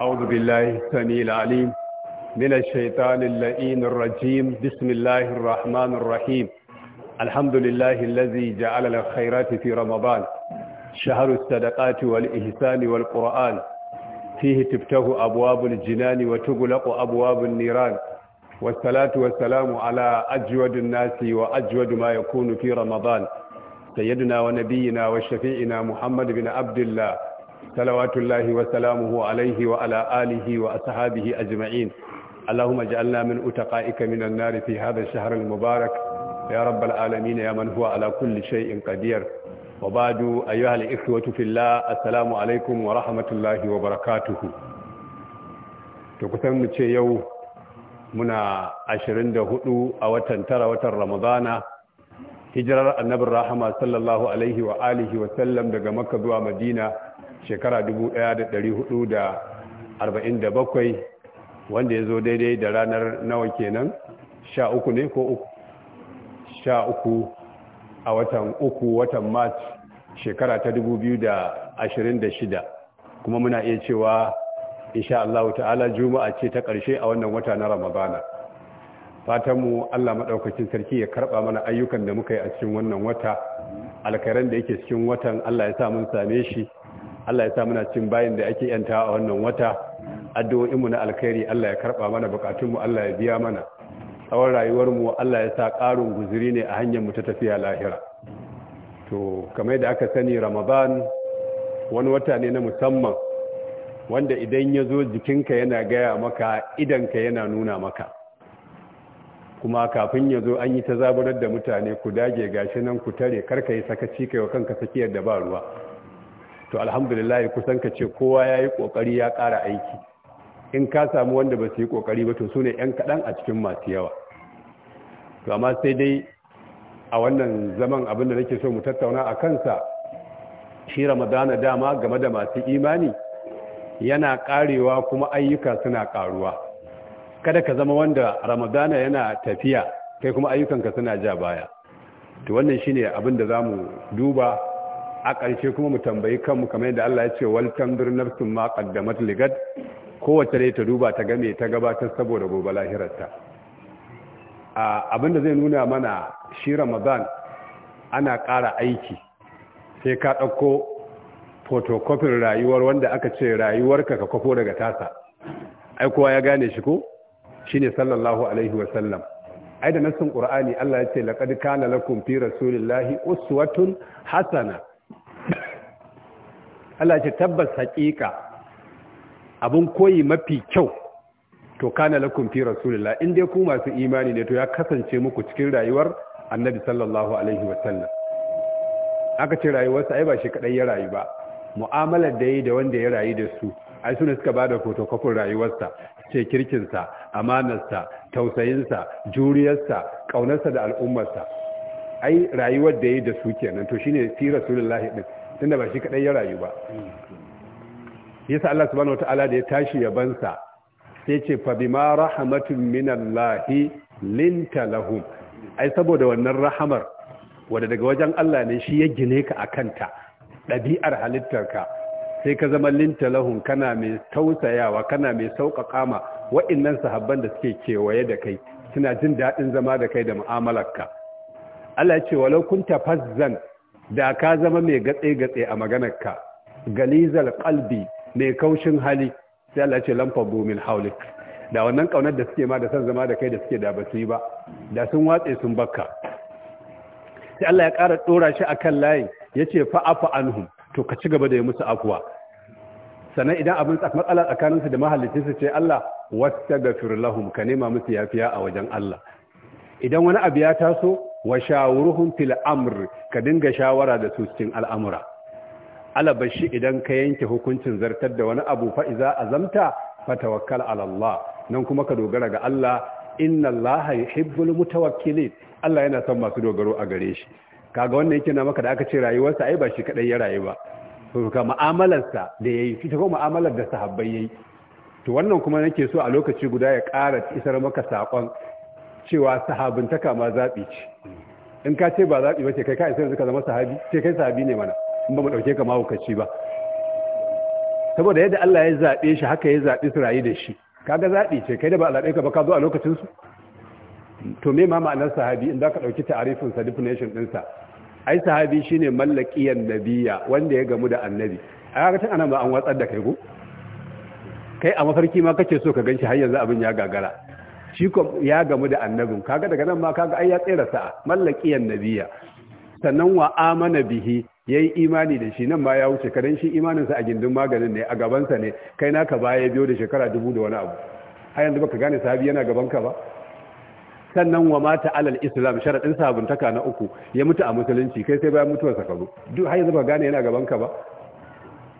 أعوذ بالله السميع العليم من الشيطان اللئيم الرجيم بسم الله الرحمن الرحيم الحمد لله الذي جعل الخيرات في رمضان شهر الصدقات والإحسان والقرآن فيه تفتح أبواب الجنان وتغلق أبواب النيران والصلاة والسلام على أجود الناس وأجود ما يكون في رمضان سيدنا ونبينا وشفيعنا محمد بن عبد الله salawatullahi wa salamuhu alaihi wa ala alihi wa ashabihi ajma'in اللهم اجعلنا من أتقائك من النار في هذا الشهر المبارك يا رب العالمين يا من هو على كل شيء قدير وبعد أيها الإخوة في الله السلام عليكم ورحمة الله وبركاته تكتم يو منا عشرين دهدو أو تنتر وتر رمضان hijirar annabin rahama sallallahu alaihi wa alihi wa sallam daga makka zuwa madina shekara 1447 wanda ya zo daidai da ranar nawa kenan sha uku ne ko uku sha uku a watan uku watan mat shekara ta 2026 kuma muna iya cewa insha Allah ta'ala juma'a ce ta ƙarshe a wannan wata na ramadana fatanmu Allah maɗaukacin sarki ya karɓa mana ayyukan da muka yi a cikin wannan wata alkairan da yake cikin watan Allah ya sa mun same shi Allah ya sa muna cin bayin da ake yanta a wannan wata addu'o'inmu na alkhairi Allah ya karba mana bukatunmu Allah ya biya mana tsawon rayuwarmu Allah ya sa ƙarin guzuri ne a hanyar mu ta tafiya lahira to kamar da aka sani Ramadan wani wata ne na musamman wanda idan ya zo jikinka yana gaya maka idanka yana nuna maka kuma kafin ya zo an yi ta zaburar da mutane ku dage gashi nan ku tare karka yi sakaci kai wa kanka tsakiyar da ba ruwa to alhamdulillah kusan ka ce kowa ya yi ƙoƙari ya ƙara aiki in ka samu wanda ba su yi ƙoƙari ba to su ne 'yan kaɗan a cikin masu yawa to amma sai dai a wannan zaman abinda nake so mu tattauna a kansa shi ramadana dama game da masu imani yana ƙarewa kuma ayyuka suna ƙaruwa. kada ka zama wanda ramadana yana tafiya kai kuma ayyukanka suna ja baya to wannan shine abin da za mu duba a ƙarshe kuma mu tambayi kanmu kamar yadda Allah ya ce wal tandur nafsun ma qaddamat ligad kowace ne ta duba ta game ta gabatar saboda gobe lahirarta Abin da zai nuna mana shi Ramadan ana ƙara aiki sai ka ɗauko fotokofin rayuwar wanda aka ce rayuwarka ka kwafo daga tasa ai kowa ya gane shi ko shine sallallahu alaihi wa sallam ai da nassin qur'ani Allah ya ce laqad kana lakum fi rasulillahi uswatun hasana Allah ce tabbas haƙiƙa abin koyi mafi kyau to kana lakum fi rasulillah in dai ku masu imani ne to ya kasance muku cikin rayuwar annabi sallallahu alaihi wa sallam. aka ce rayuwarsa ai ba shi kadai ya rayu ba mu'amalar da yayi da wanda ya rayu da su ai suna suka bada fotokofin rayuwarsa ce kirkin sa, sa, amanar tausayin sa, juriyar sa, juriyarsa sa da sa. ai rayuwar da yayi da su kenan to shine fi rasulullahi din tunda ba shi kadai ya rayu ba yasa Allah subhanahu wataala da ya tashi yabansa sai ce fa bima rahmatin minallahi linta lahum ai saboda wannan rahamar wanda daga wajen Allah ne shi ya gine ka akanta ɗabi'ar halittarka sai ka zama linta lahum kana mai tausayawa kana mai sauƙaƙa ma wa'annan sahabban da suke kewaye da kai suna jin daɗin zama da kai da mu'amalarka Allah ya ce walau kunta fazzan da ka zama mai gatse-gatse a maganarka galizal kalbi mai kaushin hali sai Allah ce lamfa bomin haulik da wannan kaunar da suke ma da san zama da kai da suke da ba su yi ba da sun watse sun bakka sai Allah ya ƙara ɗora shi akan layin ya ce fa'afa anhum to ka ci gaba da yi musu afuwa sannan idan abin matsala tsakaninsu da su ce Allah wasta da firlahum ka nema musu yafiya a wajen Allah idan wani abu ya taso wa shawuruhum fil amr ka dinga shawara da su cikin al'amura alabashi idan ka yanke hukuncin zartar da wani abu fa'iza iza azamta fatawakkal ala Allah nan kuma ka dogara ga Allah inna Allah yuhibbul mutawakkilin Allah yana son masu dogaro a gare shi kaga wannan yake na maka da aka ce rayuwarsa ai ba shi kadai ya rayu ba to ka mu'amalarsa da yayi ita ko mu'amalar da sahabbai yayi to wannan kuma nake so a lokaci guda ya ƙara isar maka sakon cewa ta ma zaɓi ce in ka ce ba zaɓi ba ce kai ka isa yanzu ka zama sahabi ce kai sahabi ne mana in ba mu ɗauke ka mahaukaci ba saboda yadda Allah ya zaɓe shi haka ya zaɓi su rayu da shi kaga zaɓi ce kai da ba a ka ba ka zo a lokacin su to me ma ma'anar sahabi in za ka ɗauki ta'arifin sa definition ɗinsa ai sahabi shine mallakiyan nabiya wanda ya gamu da annabi a ya tun ana ba an watsar da kai ko kai a mafarki ma kake so ka ganshi har yanzu abin ya gagara shi ya gamu da annabin kaga daga nan ma kaga ai ya tsira sa'a mallakiyan nabiya sannan wa amana bihi yayi imani da shi nan ma ya wuce kadan shi imaninsa a gindin maganin ne a gabansa ne kai naka baya ya biyo da shekara dubu da wani abu har yanzu baka gane sahabi yana gaban ka ba sannan wa mata alal islam sharadin sabuntaka na uku ya mutu a musulunci kai sai bayan mutuwarsa ka zo duk har yanzu baka gane yana gaban ka ba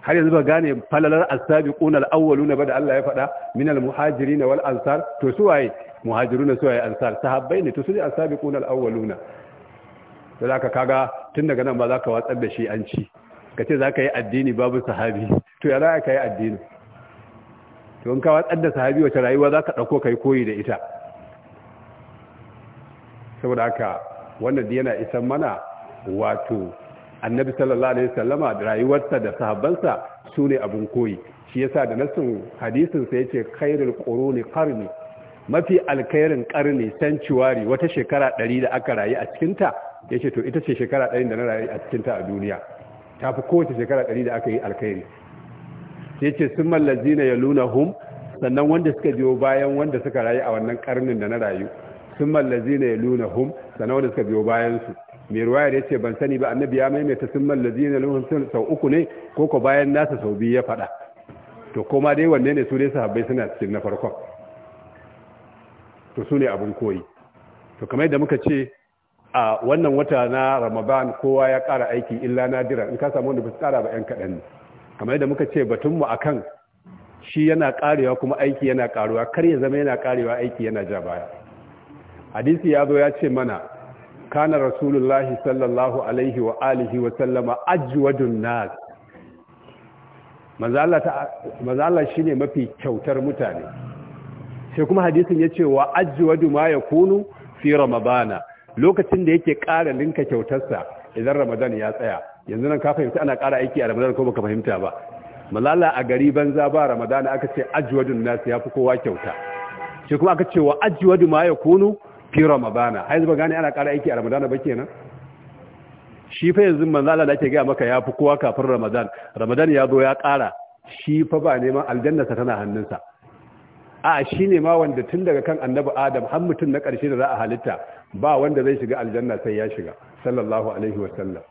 har yanzu ba gane falalar as-sabiqun al-awwaluna ba da Allah ya faɗa min al-muhajirin wal ansar to su waye muhajiruna su yi ansar sahabbai ne to su ne asabiqun alawwaluna to zaka kaga tun daga nan ba za ka watsar da shi an ci kace zaka yi addini babu sahabi to ya zaka yi addini to in ka watsar da sahabi wata rayuwa zaka dauko kai koyi da ita saboda haka wannan yana isan mana wato annabi sallallahu alaihi wasallama rayuwarsa da sahabbansa su ne abin koyi shi yasa da nasin hadisin sa yace khairul quruni qarni mafi alkairin karni sanctuary wata shekara ɗari da aka rayu a cikinta ya ce to ita ce shekara ɗari da na rayu a cikinta a duniya ta fi kowace shekara ɗari da aka yi alkairi ya ce sun mallazi na yaluna hum sannan wanda suka biyo bayan wanda suka rayu a wannan karnin da na rayu sun mallazi na yaluna hum sannan wanda suka biyo bayansu mai ruwayar ya ce ban sani ba annabi ya maimaita sun mallazi na yaluna hum sau uku ne ko ko bayan nasa sau biyu ya faɗa to koma dai wanne ne su dai sahabbai suna cikin na farkon to su ne abin koyi to kamar yadda muka ce a wannan wata na ramadan kowa ya kara aiki illa nadira in ka samu wanda ba su ƙara ba 'yan kaɗan ne kamar yadda muka ce batunmu a kan shi yana ƙarewa kuma aiki yana ƙaruwa kar ya zama yana ƙarewa aiki yana ja baya hadisi ya zo ya ce mana kana rasulullahi sallallahu alaihi wa alihi wa sallama ajwadun nas manzo Allah shine mafi kyautar mutane sai kuma hadisin ya ce wa ajwadu ma kunu fi ramadana lokacin da yake ƙara linka kyautarsa idan ramadan ya tsaya yanzu nan ka fahimta ana ƙara aiki a ramadan ko baka fahimta ba malala a gari banza ba ramadan aka ce ajwadun nasu ya fi kowa kyauta sai kuma aka ce wa ajwadu ma kunu? fi ramadana har zuba ba gane ana ƙara aiki a ramadan ba kenan shi fa yanzu manzala da ake ga maka ya fi kowa kafin ramadan ramadan ya zo ya ƙara shi fa ba neman aljanna tana hannunsa a shi ne ma wanda tun daga kan annabi adam har mutum na ƙarshe da za a halitta ba wanda zai shiga aljanna sai ya shiga sallallahu alaihi wasallam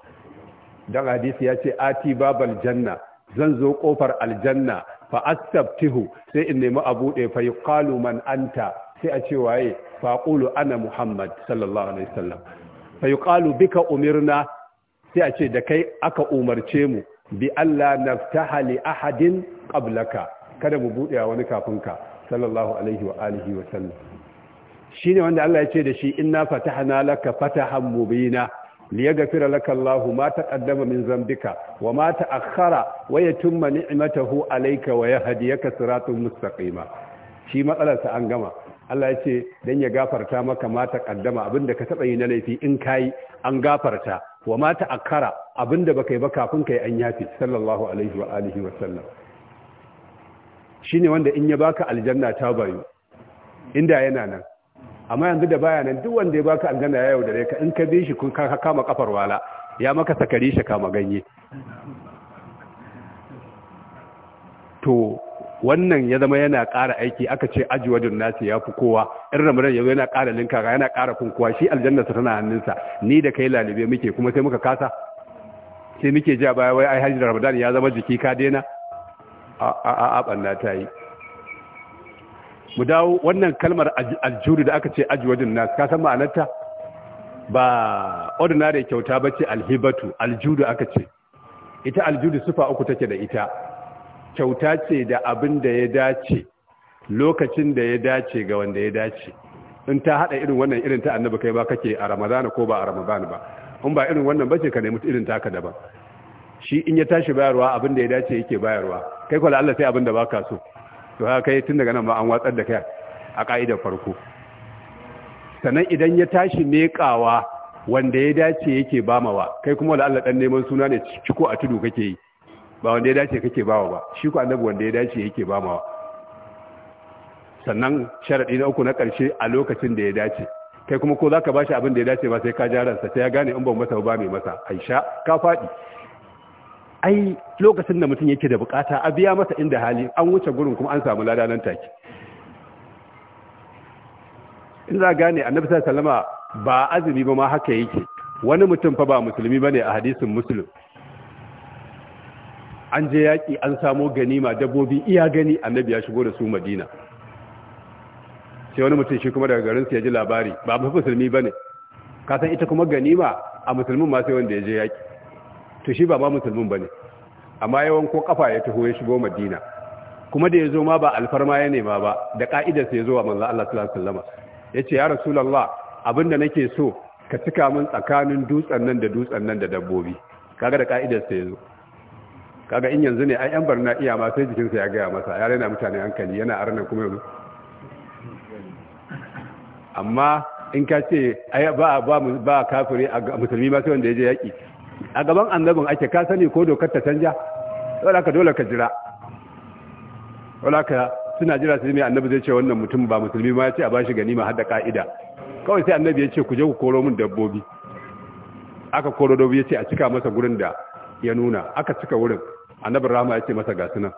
dan hadisi ya ce ati babal janna zan zo kofar aljanna fa astabtihu sai in nemi abu ɗaya fa yuqalu man anta sai a ce waye fa qulu ana muhammad sallallahu alaihi wasallam fa yuqalu bika umirna sai a ce da kai aka umarce mu bi Allah naftaha li ahadin qablaka kada mu buɗe wani ka sallallahu alaihi wa alihi wa sallam shine wanda Allah ya ce da shi inna fatahna laka fatahan mubina liyaghfira laka Allah ma taqaddama min zambika wa ma ta'akhkhara wa yatimma ni'matahu alayka wa yahdiyaka siratan mustaqima shi matsalarsa an gama Allah ya ce dan ya gafarta maka ma taqaddama abinda ka taba yi na laifi in kai an gafarta wa ma ta'akhkhara abinda baka yi ba kafin kai an yafi sallallahu alaihi wa alihi wa sallam Shi ne wanda in ya baka aljanna ta bayu inda yana nan amma yanzu da baya nan duk wanda ya baka aljanna ya yaudare ka in ka bi shi kun ka kama kafar wala ya maka sakari shi kama ganye to wannan ya zama yana ƙara aiki aka ce aji wajen nasi ya fi kowa in ramadan yanzu yana ƙara linka yana ƙara kunkuwa shi aljanna su tana hannunsa ni da kai lalibe muke kuma sai muka kasa sai muke ja baya wai ai hajji da ramadan ya zama jiki ka daina a ɓanna ta yi mu dawo wannan kalmar aljuri da aka ce ajwadin nas ka san ma'anarta ba ordinary kyauta ba ce alhibatu aljudu aka ce ita aljudu sufa uku take da ita kyauta ce da abin da ya dace lokacin da ya dace ga wanda ya dace in ta hada irin wannan irin ta annabi kai ba kake a ramadana ko ba a ramadana ba in ba irin wannan bace ka nemi irin taka daban shi in ya tashi bayarwa abin da ya dace yake bayarwa kai kwallo Allah sai abin da ba ka so to haka kai tun daga nan ma an watsar da kai a ƙa'idar farko sannan idan ya tashi mekawa wanda ya dace yake bamawa kai kuma la'alla ɗan neman suna ne ciko a tudu kake yi ba wanda ya dace kake ba ba shi ku annabi wanda ya dace yake bamawa sannan sharaɗi na uku na ƙarshe a lokacin da ya dace kai kuma ko za ba shi abin da ya dace ba sai ka jaransa sai ya gane in ban masa ba mai masa aisha ka faɗi. ai lokacin da mutum yake da bukata a biya masa inda hali an wuce gurin kuma an samu lada nan take in za gane annabi sallama ba azumi ba ma haka yake wani mutum fa ba musulmi bane a hadisin muslim an je yaki an samo ganima dabbobi iya gani annabi ya shigo da su madina sai wani mutum shi kuma daga garin ya ji labari ba musulmi bane ka san ita kuma ganima a musulmin ma sai wanda ya je yaki to shi ba ma musulmin ba ne. amma yawan ko kafa ya taho ya shigo madina kuma da ya zo ma ba alfarma ya nema ba da ƙa'idarsa ya zo wa manzan Allah sallallahu alaihi wasallam ya ce ya rasulallah abinda nake so ka cika min tsakanin dutsen nan da dutsen nan da dabbobi kaga da ƙa'idarsa ya zo kaga in yanzu ne ai yan barna iya ma sai jikinsa ya gaya masa ya raina mutane hankali yana arna kuma yanzu amma in ka ce ba ba ba kafiri a musulmi ma sai wanda ya je yaki a gaban annabin ake ka sani ko dokar ta canja wala ka dole ka jira wala ka suna jira su mai annabi zai ce wannan mutum ba musulmi ma ya ce a bashi ganima har da ka'ida kawai sai annabi ya ce ku je ku koro min dabbobi aka koro dabbobi ya ce a cika masa gurin da ya nuna aka cika wurin annabi rahama ya ce masa ga sunan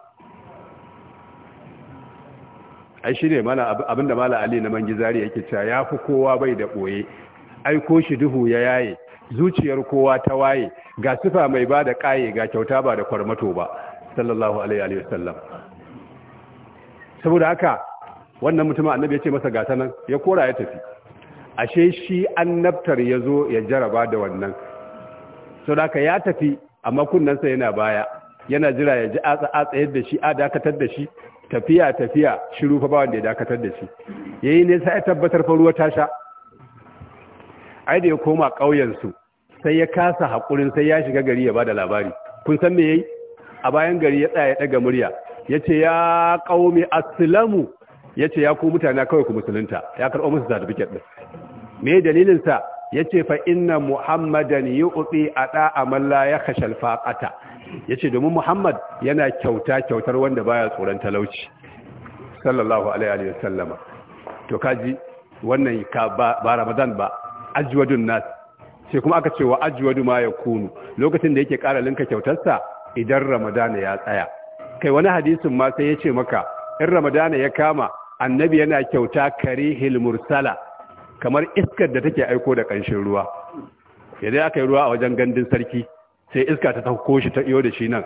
ai shi ne abinda mala ali na mangi zari yake cewa ya fi kowa bai da ɓoye aiko shi duhu ya yaye zuciyar kowa ta waye ga sifa mai ba da ƙaye ga kyauta ba da kwarmato ba sallallahu alaihi wa sallam. saboda haka wannan mutumin annabi ya ce masa gata nan ya kora ya tafi ashe shi annabtar ya zo ya jaraba da wannan saboda haka ya tafi amma kunnensa yana baya yana jira ya ji atsa atsa da shi a dakatar da shi tafiya tafiya shiru fa ba wanda ya dakatar da shi yayi ne sai ya tabbatar fa ruwa ta sha ai da ya koma ƙauyensu sai ya kasa haƙurin sai ya shiga gari ya bada labari kun san me yayi a bayan gari ya tsaya ya daga murya yace ya qaumi aslamu yace ya ku mutane kawai ku musulunta ya karɓo musu certificate din me dalilin sa yace fa inna muhammadan yu'ti ata amal la yakhsha alfaqata yace domin muhammad yana kyauta kyautar wanda baya tsoron talauci sallallahu alaihi wa sallama to kaji wannan ka ba ramadan ba ajwadun nas sai kuma aka ce wa ajwadu ma ya kunu lokacin da yake ƙara linka kyautarsa idan ramadana ya tsaya kai wani hadisin ma sai ya ce maka in ramadana ya kama annabi yana kyauta karihil mursala kamar iskar da take aiko da ƙanshin ruwa idan aka yi ruwa a wajen gandun sarki sai iska ta tako shi ta iyo da shi nan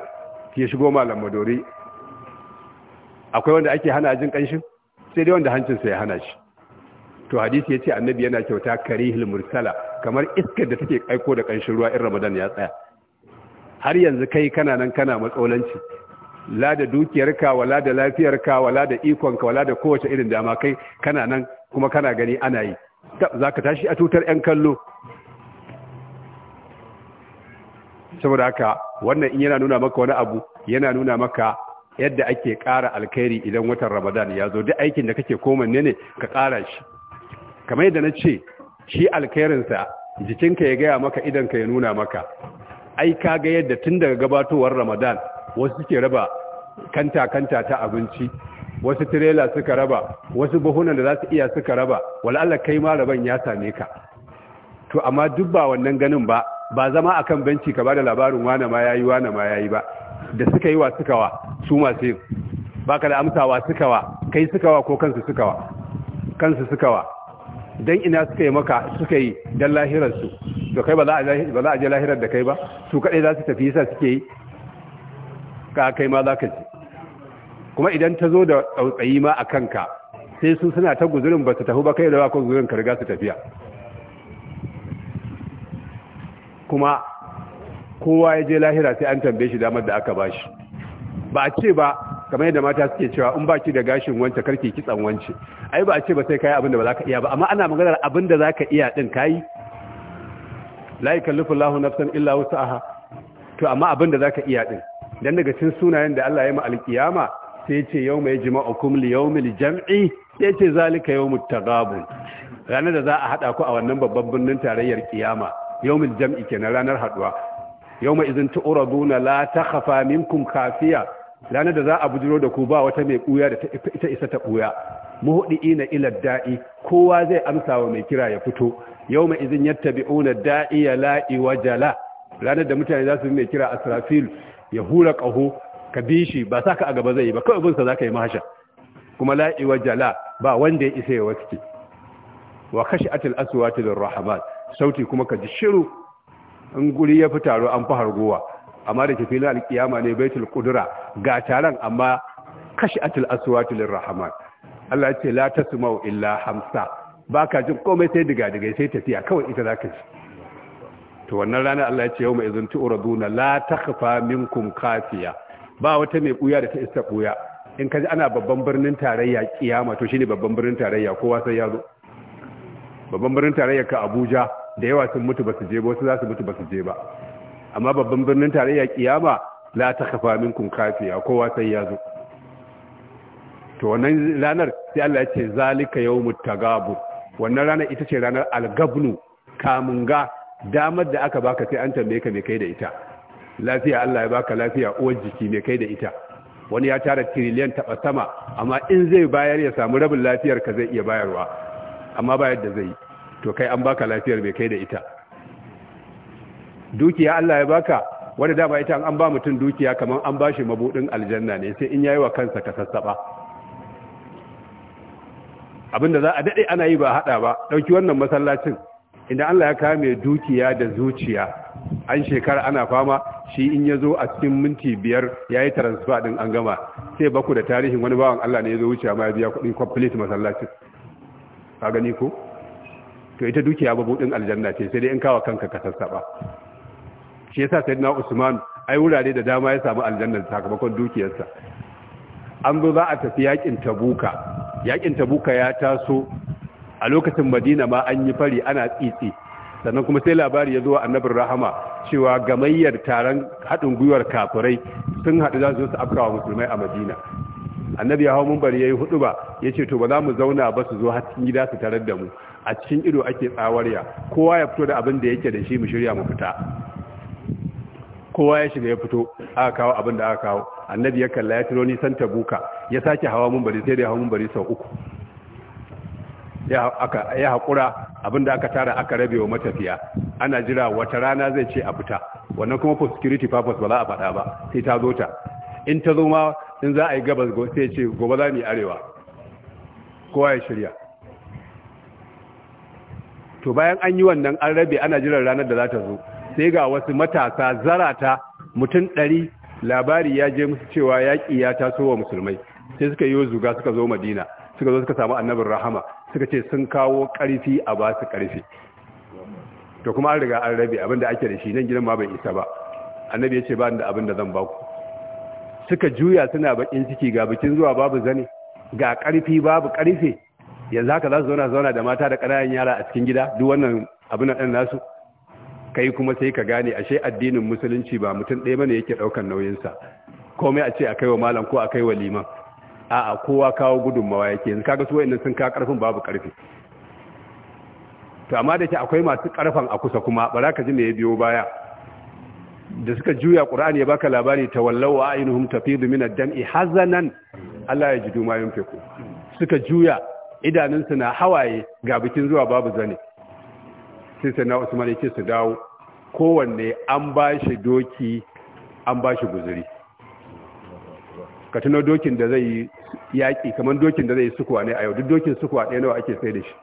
ke shigo malam madori akwai wanda ake hana jin ƙanshin sai dai wanda hancinsa ya hana shi to hadisi ce annabi yana kyauta karihil mursala kamar iskar da take aiko da kanshin ruwa in ramadan ya tsaya har yanzu kai kana nan kana matsaulanci la da dukiyarka wala da lafiyarka wala da ikonka wala da kowace irin dama kai kana nan kuma kana gani ana yi zaka tashi a tutar yan kallo saboda haka wannan in yana nuna maka wani abu yana nuna maka yadda ake ƙara alkhairi idan watan ramadan ya zo duk aikin da kake komanne ne ka ƙara shi kamar yadda na ce shi alkairinsa jikinka ya gaya maka idanka ya nuna maka ai ka ga yadda tun daga gabatowar ramadan wasu suke raba kanta-kanta ta abinci wasu tirela suka raba wasu buhunan da za su iya suka raba wal'ala kai ma raban ya same ka to amma duk ba wannan ganin ba ba zama kan benci ka ba da labarin wane ma yayi wane ma yayi ba da suka yi wa suka wa su masu Ba ka da amsawa suka wa kai suka wa ko kansu suka wa kansu suka wa dan ina suka yi maka suka yi dan lahirar su to kai ba za a je lahirar da kai ba su kaɗai za su tafi yasa suke yi ka kai ma za ka kuma idan ta zo da tsautsayi ma a kanka sai su suna ta guzurin ba su tafi ba kai da ba ku guzurin ka riga su tafiya kuma kowa ya je lahira sai an tambaye shi damar da aka ba shi ba a ce ba kamar yadda mata suke cewa in baki da gashin wance karki kitsan wance ai ba a ce ba sai kai abin da ba za ka iya ba amma ana maganar abin da za ka iya din kai la yakallifu Allahu nafsan illa wus'aha to amma abin da za ka iya din dan daga cikin sunayen da Allah ya ma alkiyama sai ya ce yawma yajma'ukum li yawmil jam'i sai ya ce zalika yawmut tagabun ranar da za a hada ku a wannan babban birnin tarayyar kiyama yawmil jam'i kenan ranar haduwa yawma idzin tu'raduna la takhafa minkum khafiya ranar da za a bujiro da ku ba wata mai ɓuya da ita isa ta ɓuya muhuɗi na ilar da'i kowa zai amsa wa mai kira ya fito yau mai izin bi'una da'i ya la'i wa jala ranar da mutane za su mai kira asrafil ya hura ƙaho ka bi shi ba sa ka a gaba zai yi ba kawai binsa za ka yi mahasha kuma la'i wa jala ba wanda ya isa ya waske wa kashi atil da lirrahman sauti kuma ka ji shiru in guri ya fi taro an fi hargowa amma da ke filin alkiyama ne baitul kudura ga taron amma kashi atul aswatu lirrahman Allah ce la tasma'u illa hamsa baka jin komai sai diga diga sai tafiya kawai ita zaka ji to wannan rana Allah ya ce yawma idhun turaduna la takhfa minkum kafiya ba wata mai buya da ta isa buya in kaji ana babban birnin tarayya kiyama to shine babban birnin tarayya kowa sai ya zo babban birnin tarayya ka Abuja da yawa sun mutu ba su je ba wasu za su mutu ba su je ba amma babban birnin tarayya kiyama la ta kafa minkum kafiya kowa sai ya zo to wannan ranar sai Allah ya ce zalika yawmut tagabu wannan ranar ita ce ranar algabnu ga. damar da aka baka sai an tambaye ka me kai da ita lafiya Allah ya baka lafiya uwar jiki me kai da ita wani ya tara tiriliyan taba sama amma in zai bayar ya samu rabin lafiyar ka zai iya bayarwa amma ba yadda zai to kai an baka lafiyar mai kai da ita dukiya Allah ya baka wanda dama ita an ba mutum dukiya kamar an ba shi mabudin aljanna ne sai in yayi wa kansa ka sassaba abinda za a dade ana yi ba hada ba dauki wannan masallacin idan Allah ya kame dukiya da zuciya an shekara ana fama shi in ya zo a cikin minti biyar ya yi transfer din an gama sai baku da tarihin wani bawan Allah ne ya zo wuce ma ya biya kuɗin complete masallacin ka gani ko to ita dukiya babu din aljanna ce sai dai in kawo kanka ka sassaba shi yasa na usman ai wurare da dama ya samu aljanna sakamakon dukiyarsa an zo za a tafi yakin tabuka yakin tabuka ya taso a lokacin madina ma an yi fari ana tsitsi sannan kuma sai labari ya zo Annabi rahama cewa gamayyar taron haɗin gwiwar kafirai sun haɗu za su afkawa musulmai a madina annabi ya hau mumbari ya yi hudu ba ya ce to ba za mu zauna ba su zo har cikin gida su tarar da mu a cikin ido ake tsawarya kowa ya fito da abin da yake da shi mu shirya mu fita kowa ya shiga ya fito aka kawo abin da aka kawo annabi ya kalla ya tiro nisan tabuka ya sake hawa mun bari sai da hawa mun bari sau uku ya haƙura abin da aka tara aka rabe wa matafiya ana jira wata rana zai ce a fita wannan kuma for security purpose ba za a faɗa ba sai ta zo ta in ta zo ma in za a yi gabas sai ce gobe za mu yi arewa kowa ya shirya to bayan an yi wannan an rabe ana jiran ranar da za ta zo sai ga wasu matasa zarata mutum ɗari labari ya je musu cewa yaƙi ya taso wa musulmai sai suka yi zuga suka zo madina suka zo suka samu annabin rahama suka ce sun kawo ƙarfi a ba su ƙarfi to kuma an riga an rabe abin da ake da shi nan gidan ma bai isa ba annabi ya ce ba da abin da zan ba ku suka juya suna bakin ciki ga bikin zuwa babu zane ga ƙarfi babu ƙarfe yanzu haka za su zauna zauna da mata da ƙananan yara a cikin gida duk wannan abin nan nasu kai kuma sai ka gane ashe addinin musulunci ba mutum ɗaya bane yake ɗaukan nauyinsa komai a ce a kaiwa malam ko a kaiwa liman a'a kowa kawo gudunmawa yake yanzu kaga su wayannan sun ka karfin babu karfi to amma da ke akwai masu karfan a kusa kuma ba za ka ji me ya biyo baya da suka juya qur'ani ya baka labari tawallaw wa ainuhum tafidu min ad-dam'i hazanan Allah ya ji ma yunfiku suka juya idanunsu na hawaye ga bikin zuwa babu zane sai sai na usman ya ce su dawo kowanne an ba shi doki an ba shi guzuri ka tuno dokin da zai yaƙi kamar dokin da zai yi sukuwa ne a yau duk dokin sukuwa ɗaya nawa ake sai da shi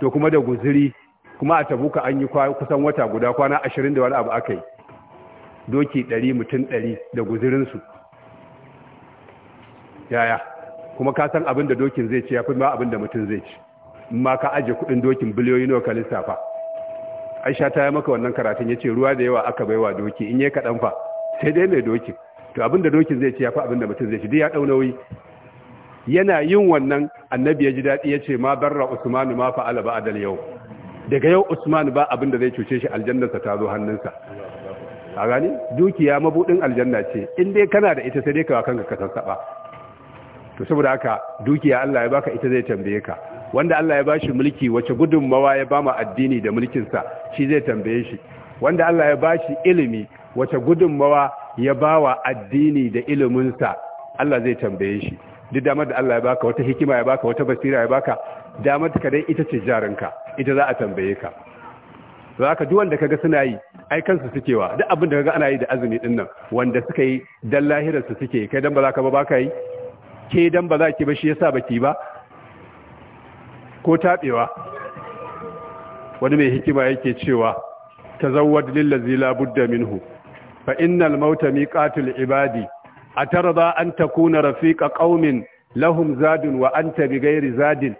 to kuma da guzuri kuma a tabuka an yi kusan wata guda kwana ashirin da wani abu aka yi doki ɗari mutum ɗari da guzurinsu yaya kuma ka san abin da dokin zai ci ya fi ma abin da mutum zai ci ma ka aje kudin dokin biliyoyi nawa ka lissafa aisha ta yi maka wannan karatun yace ruwa da yawa aka baiwa doki in yake kadan fa sai dai mai doki to abinda dokin zai ci yafi abinda mutum zai ci duk ya dauna yana yin wannan annabi ya ji dadi yace ma barra usmanu ma fa'ala ba'dal yau daga yau usman ba abinda zai cuce shi sa ta zo hannunsa a gani dukiya mabudin aljanna ce in dai kana da ita sai dai ka kanka ka sassaba to saboda haka dukiya Allah ya baka ita zai tambaye ka wanda Allah ya bashi mulki wace gudunmawa ya bama addini da mulkin sa shi zai tambaye shi wanda Allah ya bashi ilimi wace gudunmawa ya bawa addini da ilimin sa Allah zai tambaye shi duk damar da Allah ya baka wata hikima ya baka wata basira ya baka damar ka dai ita ce jarinka ita za a tambaye ka za ka duk wanda kaga suna yi ai kansu suke wa duk abin da kaga ana yi da azumi din wanda suka yi dan lahirar suke kai dan ba za ka ba baka yi ke dan ba za ki ba shi yasa baki ba ko taɓewa? wani mai hikima yake cewa tazawwad lillazi la budda minhu fa innal mauta miqatul ibadi atarda an takuna rafiqa ƙaumin lahum zadun wa anta bighairi zadin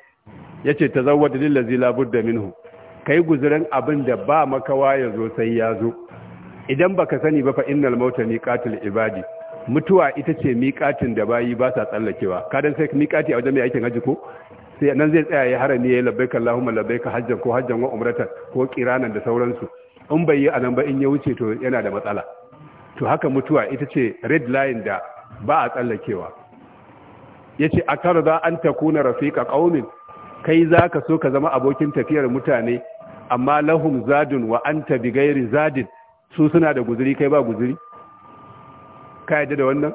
yace tazawwad lillazi la budda minhu kai guzurin abin da ba makawa yazo sai yazo idan baka sani ba fa innal mauta miqatul ibadi mutuwa ita ce miƙatin da bayi ba sa tsallakewa kadan sai miƙati a wajen mai aikin haji ko sai nan zai tsaya ya harami ya labbaika Allahumma labbaika hajjan ko hajjan wa umratan ko kiranan da sauransu in bai yi anan ba in ya wuce to yana da matsala to haka mutuwa ita ce red line da ba a tsallakewa yace akarda an takuna rafiqa qaumin kai za ka so ka zama abokin tafiyar mutane amma lahum zadun wa anta bighairi zadin su suna da guzuri kai ba guzuri ka yadda da wannan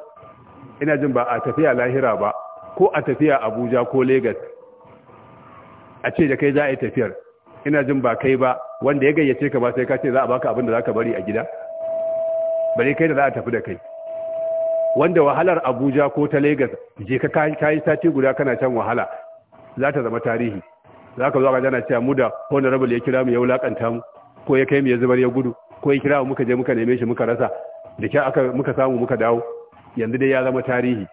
ina jin ba a tafiya lahira ba ko a tafiya abuja ko Legas. a ce da kai za a yi tafiyar ina jin ba kai ba wanda ya gayyace ka ba sai ka ce za a baka abin da za ka bari a gida bare kai da za a tafi da kai wanda wahalar abuja ko ta Legas je ka kayi sati guda kana can wahala za ta zama tarihi za ka zo ga jana cewa mu da honorable ya kira mu ya wulakanta mu ko ya kai mu ya zubar ya gudu ko ya kira mu muka je muka neme shi muka rasa da kyau aka muka samu muka dawo yanzu dai ya zama tarihi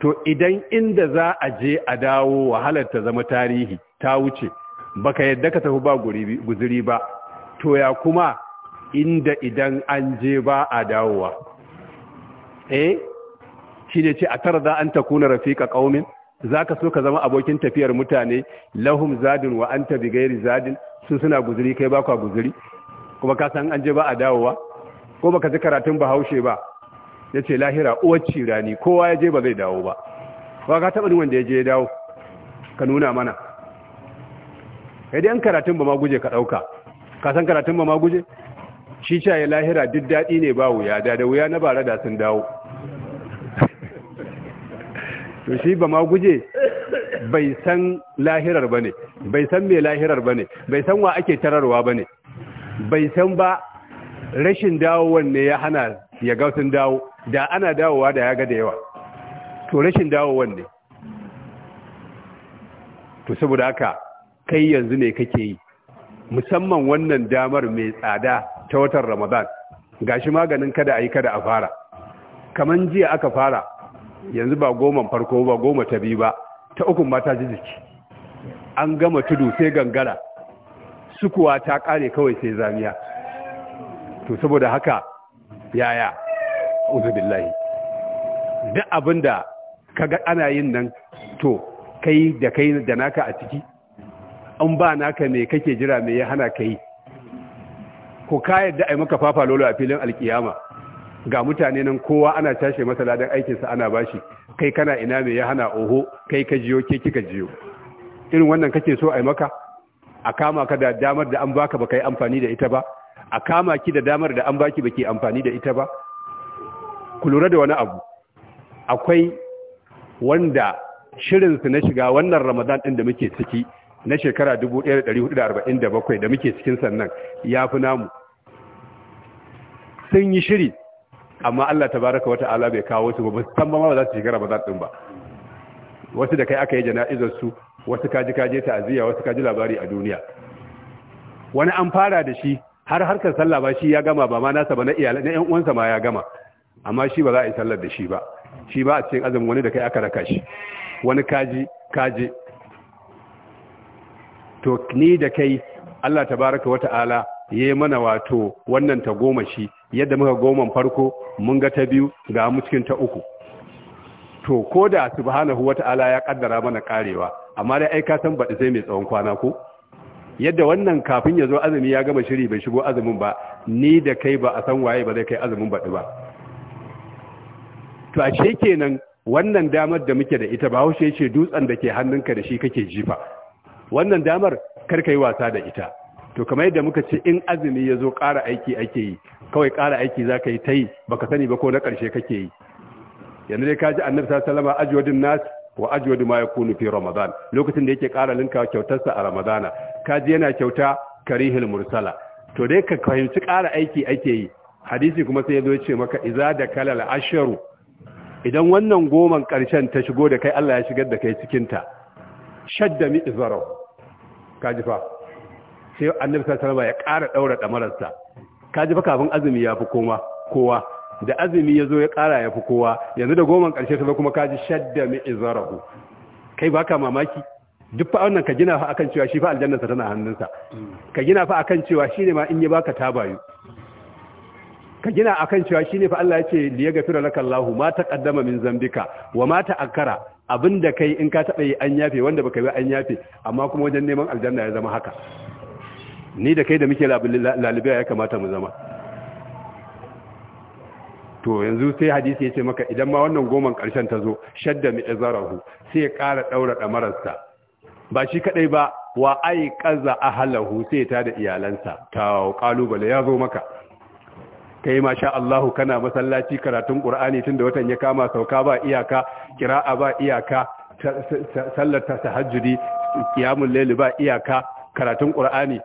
to idan inda za a je a dawo wahalar ta zama tarihi ta wuce baka yadda ka tafi ba guzuri ba to ya kuma inda idan an je ba a dawowa eh ne ce a tara za an rafika ƙaumin Za ka so ka zama abokin tafiyar mutane lahum zadin wa anta gairi zadin su suna guzuri kai ba ka guzuri kuma ka san an je ba a dawowa ko baka ji karatun bahaushe ba ya ce lahira uwar cirani kowa ya je ba zai dawo ba ba ka taɓa wanda ya je ya dawo ka nuna mana idan karatun ba ma guje ka ɗauka ka san karatun ba ma guje shi ya lahira duk daɗi ne ba wuya da da wuya na bara da sun dawo to shi ba ma guje bai san lahirar ba ne bai san mai lahirar ba bai san wa ake tararwa ba bai san ba rashin dawowa ne ya hana ya gautun dawo da ana dawowa da ya ga da yawa to rashin dawowa ne to saboda haka kai yanzu ne kake yi musamman wannan damar mai tsada ta watan ramadan gashi maganin kada a yi kada a fara Kamar jiya aka fara yanzu ba goman farko ba goma ta biyu ba ta ukun mata jiziki jiki an gama tudu sai gangara sukuwa ta kare kawai sai zamiya to saboda haka yaya uzubillahi duk abinda kaga ana yin nan to kai da kai da naka a ciki an ba naka me kake jira me ya hana kai ko ka yadda ai maka fafa lolo a filin alkiyama ga mutane nan kowa ana tashe masa ladan sa ana bashi kai kana ina me ya hana oho kai ka jiyo ke kika jiyo irin wannan kake so ai maka a kama ka da damar da an baka baka yi amfani da ita ba a kama ki da damar da an baki baki amfani da ita ba ku lura da wani abu akwai wanda shirinsu na shiga wannan ramadan din da muke ciki na shekara 1447 da muke cikin sannan ya fi namu sun yi shiri amma Allah tabaraka wa ta'ala bai kawo su ba san ba za su shiga ramadan ɗin ba wasu da kai aka yi jana'izar su wasu kaji kaje ta'aziyya wasu kaji labari a duniya wani an fara da shi har harkar sallah ba shi ya gama ba ma nasa ba na iyalai na ƴan uwansa ma ya gama amma shi ba za a yi sallar da shi ba shi ba a cikin azumin wani da kai aka raka shi wani kaji kaji to ni da kai Allah tabaraka wa ta'ala ya yi mana wato wannan ta goma shi yadda muka goman farko mun ga ta biyu ga mu cikin ta uku to ko da subhanahu wa ta'ala ya kaddara mana karewa amma dai ai ka san baɗi sai mai tsawon kwana ko yadda wannan kafin ya zo azumi ya gama shiri bai shigo azumin ba ni da kai ba a san waye ba zai kai azumin baɗi ba to a ce kenan wannan damar da muke da ita ba haushe ce dutsen da ke hannunka da shi kake jifa wannan damar kar ka yi wasa da ita to kamar yadda muka ce in azumi ya zo ƙara aiki ake yi kawai ƙara aiki za ka yi ta yi ba ka sani ba ko na ƙarshe kake yi yanzu dai ka ji annabi sallallahu alaihi wasallam ajwadin nas wa ajwadu ma yakunu fi ramadan lokacin da yake ƙara linka kyautarsa a ramadana ji yana kyauta karihil mursala to dai ka fahimci ƙara aiki ake yi hadisi kuma sai ya ce maka iza da kalal asharu idan wannan goman ƙarshen ta shigo da kai Allah ya shigar da kai cikin ta shadda mi izarau kaji fa sai annabi sallallahu alaihi wasallam ya ƙara daura damararsa kaji fa kafin azumi ya fi koma kowa da azumi ya zo ya ƙara ya fi kowa yanzu da goman ƙarshe ta kuma kaji shadda mai izarahu kai ba ka mamaki duk fa wannan ka gina fa akan cewa shi fa aljannarsa tana hannunsa ka gina fa akan cewa shi ne ma in yi baka tabayu ka gina akan cewa shine fa Allah ya ce li yaghfira laka Allah ma taqaddama min zambika wa ma ta'akkara abinda kai in ka taba yi an yafe wanda baka yi an yafe amma kuma wajen neman aljanna ya zama haka ni da kai da muke lalibiya ya kamata mu zama to yanzu sai hadisi ya ce maka idan ma wannan goman ƙarshen ta zo shadda mi izarahu sai ya ƙara ɗaura ɗamararsa ba shi kaɗai ba wa ai ƙaza halahu sai ta da iyalansa ta ƙalubale ya zo maka kai yi masha Allahu kana masallaci karatun ƙur'ani tun da watan ya kama sauka ba iyaka kira'a ba iyaka sallar tahajjudi kiyamun lele ba iyaka karatun Qur'ani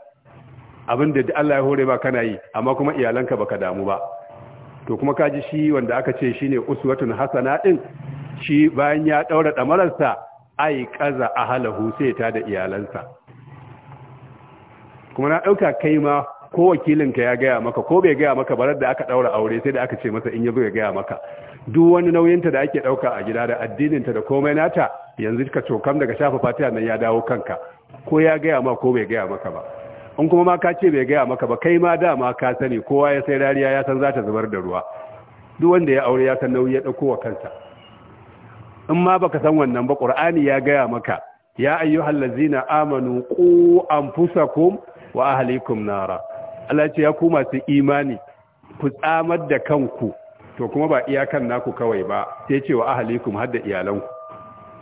abinda Allah ya hore ba kana yi amma kuma iyalanka baka damu ba to kuma kaji shi wanda aka ce shi ne uswatun hasana din shi bayan ya daura damararsa ai kaza ahlahu sai ta da iyalansa kuma na dauka kai ma ko wakilinka ya gaya maka ko bai gaya maka barar da aka daura aure sai da aka ce masa in yazo ya gaya maka duk wani nauyinta da ake dauka a gida da addininta da komai nata yanzu ka cokam daga shafa fatiha nan ya dawo kanka ko ya gaya ma ko bai gaya maka ba in kuma ma ka ce bai gaya maka ba kai ma dama ka sani kowa ya sai rariya ya san za ta zubar da ruwa duk wanda ya aure ya san nauyi ya ɗauko wa kansa in ma baka san wannan ba Qur'ani ya gaya maka ya ayyuhal ladzina amanu qu anfusakum wa ahlikum nara Allah ce ya ku masu imani ku tsamar da kanku to kuma ba iyakan naku kawai ba sai ce wa ahlikum har da iyalanku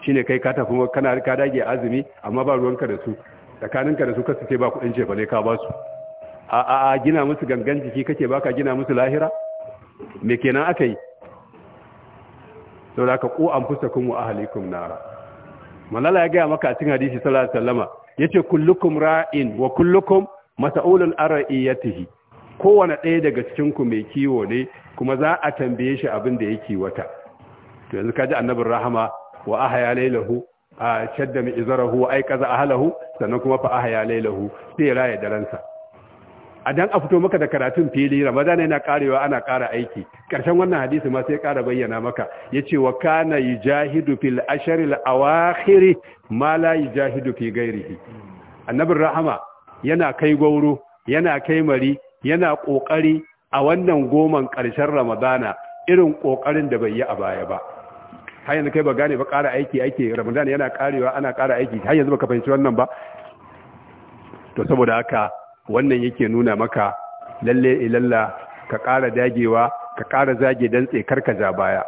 shine kai ka tafi kana ka dage azumi amma ba ruwanka da su tsakaninka da su kasu ce ba kuɗin jefa ka ba su a a gina musu gangan jiki kake baka gina musu lahira me kenan aka yi saboda ka ku kuma wa ahlikum nara manala ya gaya maka a cikin hadisi sallallahu alaihi wasallama yace kullukum ra'in wa kullukum mas'ulun ya ra'iyatihi kowane ɗaya daga cikin ku mai kiwo ne kuma za a tambaye shi abin da yake wata to yanzu kaji annabin rahama wa ahya lailahu a shadda mai izarahu ai a halahu sannan kuma fa'a haya lailahu sai raya daransa a don a fito maka da karatun fili ramadana yana karewa ana kara aiki Ƙarshen wannan hadisi ma sai kara bayyana maka ya ce wa kana yujahidu fil asharil awahiri ma la yi yujahidu fi gairihi annabin rahama yana kai gauro yana kai mari yana ƙoƙari, a wannan goman ƙarshen ramadana irin ƙoƙarin da bai yi a baya ba har yanzu kai ba gane ba ƙara aiki ake ramadan yana ƙarewa ana ƙara aiki har yanzu ka fahimci wannan ba to saboda haka wannan yake nuna maka lalle ilalla eh, ka ƙara dagewa ka ƙara zage tse karka ja baya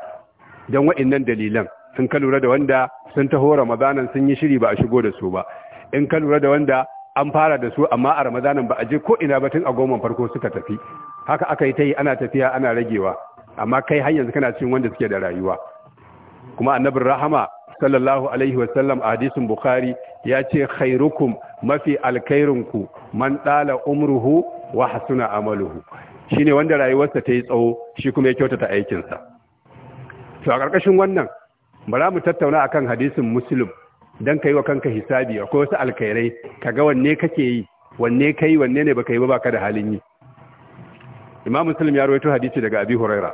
don wa'innan dalilan sun ka lura da wanda sun taho ramadanan sun yi shiri ba a shigo da su ba in ka lura da wanda an fara da su amma a ramadan ba a je ko ina ba tun a goman farko suka tafi haka aka yi ta yi ana tafiya ana ragewa amma kai har yanzu kana cikin wanda suke da rayuwa kuma annabin rahama sallallahu alaihi wasallam a hadisin bukhari ya ce khairukum mafi alkhairinku man dala umruhu wa hasuna amaluhu shine wanda rayuwarsa ta yi tsawo shi kuma ya kyautata aikinsa to a ƙarƙashin wannan bara mu tattauna akan hadisin muslim dan kai wa kanka hisabi akwai wasu alkhairai kaga wanne kake yi wanne kai wanne ne baka yi ba baka da halin yi imam muslim ya rawaito hadisi daga abi huraira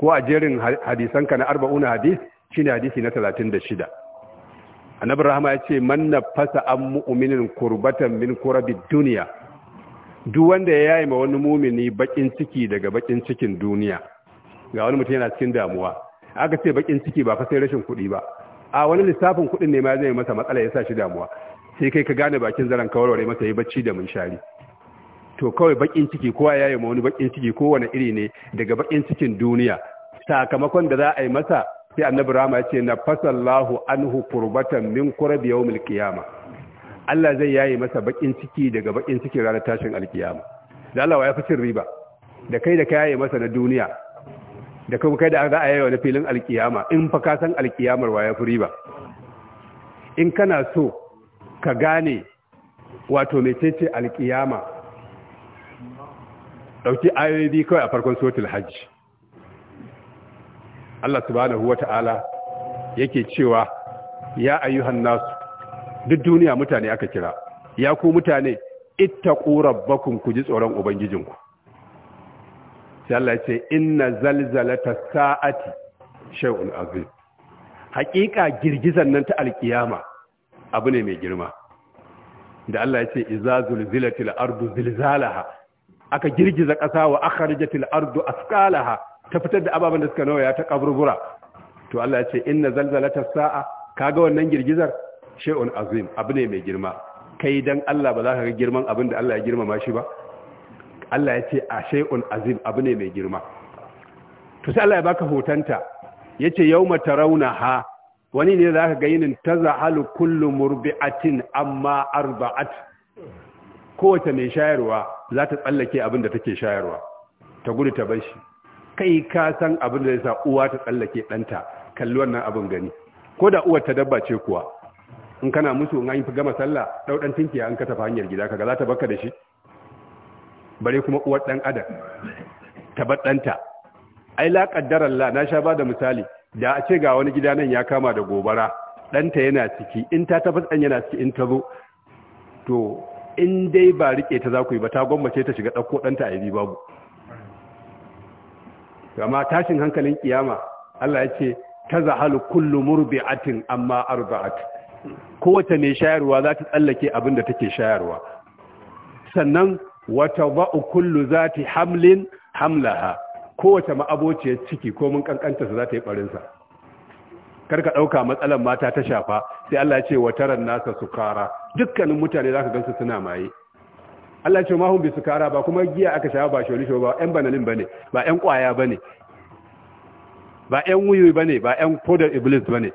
ko a jerin hadisanka na arba'una hadis ne hadisi na 36 annabi rahama ya ce manna fasa an mu'minin kurbatan min kurabid duniya duk wanda ya yi ma wani mumini bakin ciki daga bakin cikin duniya ga wani mutum yana cikin damuwa aka ce bakin ciki ba fa sai rashin kuɗi ba a wani lissafin kuɗin ne ma zai masa matsala ya sa shi damuwa sai kai ka gane bakin zaran kawarware masa yi bacci da munshari to kawai bakin ciki kowa yayi ma wani bakin ciki kowane iri ne daga bakin cikin duniya sakamakon da za a yi masa sai annabi rama ya ce na fasallahu anhu hukurbatan min kurabi yawmil milkiyama Allah zai yaye masa bakin ciki daga bakin cikin ranar tashin alkiyama da Allah ya fi cin riba da kai da ka yaye masa na duniya da kuma kai da za a yaye na filin alkiyama in fa ka san alkiyamar wa ya fi riba in kana so ka gane wato mecece alkiyama ɗauki ayoyi kawai a farkon sotil Hajji. Allah subhanahu wata'ala yake cewa ya ayyuhan nasu duk duniya mutane aka kira ya ku mutane ittaqu rabbakum ku ji tsoron ubangijinku sai Allah ya ce inna zalzalata sa'ati shay'un azim haqiqa girgizan nan ta alkiyama abu ne mai girma da Allah ya ce iza zulzilatil ardu zilzalaha aka girgiza ƙasa wa akhrajatil ardu asqalaha ta fitar da ababen da suka nawaya ta kaburbura to Allah ya ce inna ta sa'a kaga wannan girgizar shay'un azim abu ne mai girma kai dan Allah ba za ka ga girman abin da Allah ya girmama shi ba Allah ya ce a shay'un azim abu ne mai girma to sai Allah ya baka hotanta yace rauna ha wani ne za ka ga yinin tazahalu kullu murbi'atin amma arba'at kowace mai shayarwa za ta tsallake abin da take shayarwa ta gudu ta bar shi kai ka san abin da yasa sa uwa ta tsallake ɗanta kalli wannan abin gani ko da uwar ta dabba ce kuwa in kana musu in an fi gama sallah ɗau dan tinki an ka tafi hanyar gida kaga za ta barka da shi bare kuma uwar ɗan adam ta bar ɗanta ai la qaddar Allah na sha ba da misali da a ce ga wani gida nan ya kama da gobara ɗanta yana ciki in ta tafi dan yana ciki in ta zo to in dai ba rike ta za ku yi ba ta gwamnace ta shiga ɗauko ɗanta a yi babu amma tashin hankalin kiyama Allah ya ce ta halu kullu murbi'atin amma arba'at kowace ne shayarwa za ta tsallake abin da take shayarwa sannan wata ba'u kullu zati hamlin hamlaha kowace ma'abociyar ciki ko mun kankanta su za ta yi barinsa karka ɗauka matsalar mata ta shafa sai Allah ya ce wa taran nasa sukara dukkanin mutane za ka gansu suna maye Allah ce mahun bi sukara ba kuma giya aka sha ba shori shori ba ƴan banalin bane ba ƴan kwaya bane ba ƴan wuyu bane ba ƴan fodar iblis bane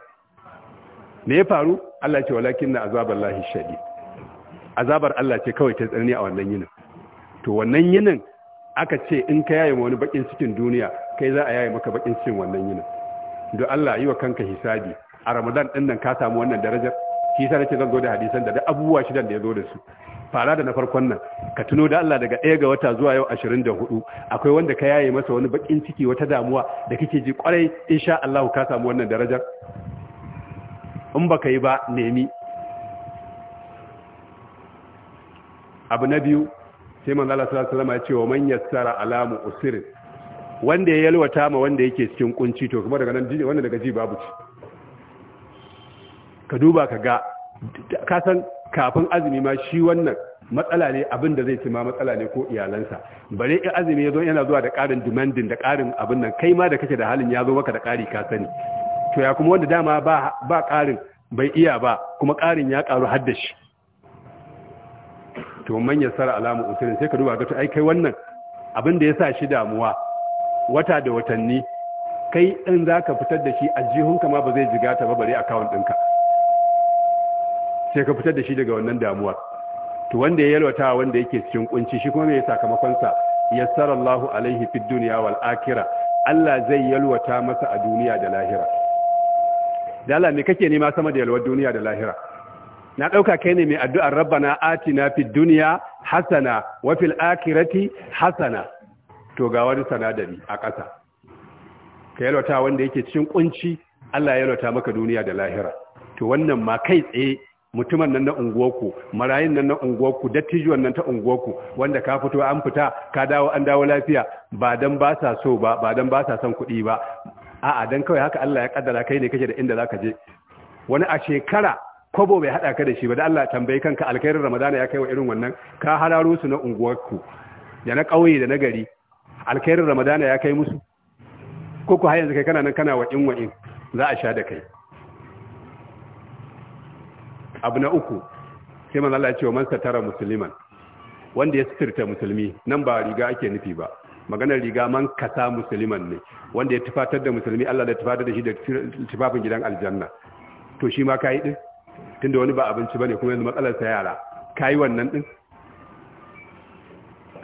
me ya faru Allah ce walakin na azabar lahi shadi azabar Allah ce kawai ta tsarni a wannan yinin to wannan yinin aka ce in ka yaye wani bakin cikin duniya kai za a yaye maka bakin cikin wannan yinin don Allah yi wa kanka hisabi a Ramadan din nan ka samu wannan darajar shi na ce zan zo da hadisan da abubuwa shidan da ya zo da su fara da na farkon nan ka tuno da Allah daga ɗaya ga wata zuwa yau ashirin da hudu akwai wanda ka yaye masa wani bakin ciki wata damuwa da kake ji kwarai insha Allah ka samu wannan darajar in ka yi ba nemi abu na biyu sai manzo Allah sallallahu alaihi wasallam ya ce wa man yassara alamu usir wanda ya yalwata ma wanda yake cikin kunci to kuma daga nan wanda daga ji babu ci ka duba ka ga ka san kafin azumi ma shi wannan matsala ne abin da zai cima matsala ne ko iyalansa bare in azumi ya zo yana zuwa da ƙarin demanding da ƙarin abin nan kai ma da kake da halin ya zo maka da ƙari ka sani to ya kuma wanda dama ba ba ƙarin bai iya ba kuma ƙarin ya ƙaru har da shi to man sara alamu usulin sai ka duba ga to ai kai wannan abin da ya sa shi damuwa wata da watanni kai in zaka fitar da shi a jihunka ma ba zai jigata ba bare account ɗinka sai ka fitar da shi daga wannan damuwa to wanda ya yalwata wanda yake cikin kunci shi kuma mai sakamakon sa yassarallahu alaihi fid dunya wal akhirah Allah zai yalwata masa a duniya da lahira Da Allah me kake nema sama da yalwar duniya da lahira na dauka kai ne mai addu'ar rabbana atina fid dunya hasana wa fil akhirati hasana to ga wani sanadari a ƙasa ka yalwata wanda yake cikin kunci Allah ya yalwata maka duniya da lahira to wannan ma kai tsaye mutumin nan na unguwarku marayin nan na unguwarku dattijuwan nan ta unguwarku wanda ka fito an fita ka dawo an dawo lafiya ba dan ba sa so ba ba dan ba sa son kuɗi ba a'a dan kawai haka Allah ya kaddara kai ne kake da inda zaka je wani a shekara kobo bai hada ka da shi ba dan Allah tambayi kanka alkhairin ramadana ya kai wa irin wannan ka hararo su na unguwarku da na ƙauye da na gari alkhairin ramadana ya kai musu ko ku har yanzu kai kana nan kana wa in wa in za a sha da kai abu na uku sai man Allah ya ce wa man satara musliman wanda ya sitirta musulmi nan ba riga ake nufi ba maganar riga man kasa musulman ne wanda ya tufatar da musulmi Allah da tufatar da shi da tufafin gidan aljanna to shi ma kai din tunda wani ba abinci bane kuma yanzu matsalar sa yara kai wannan din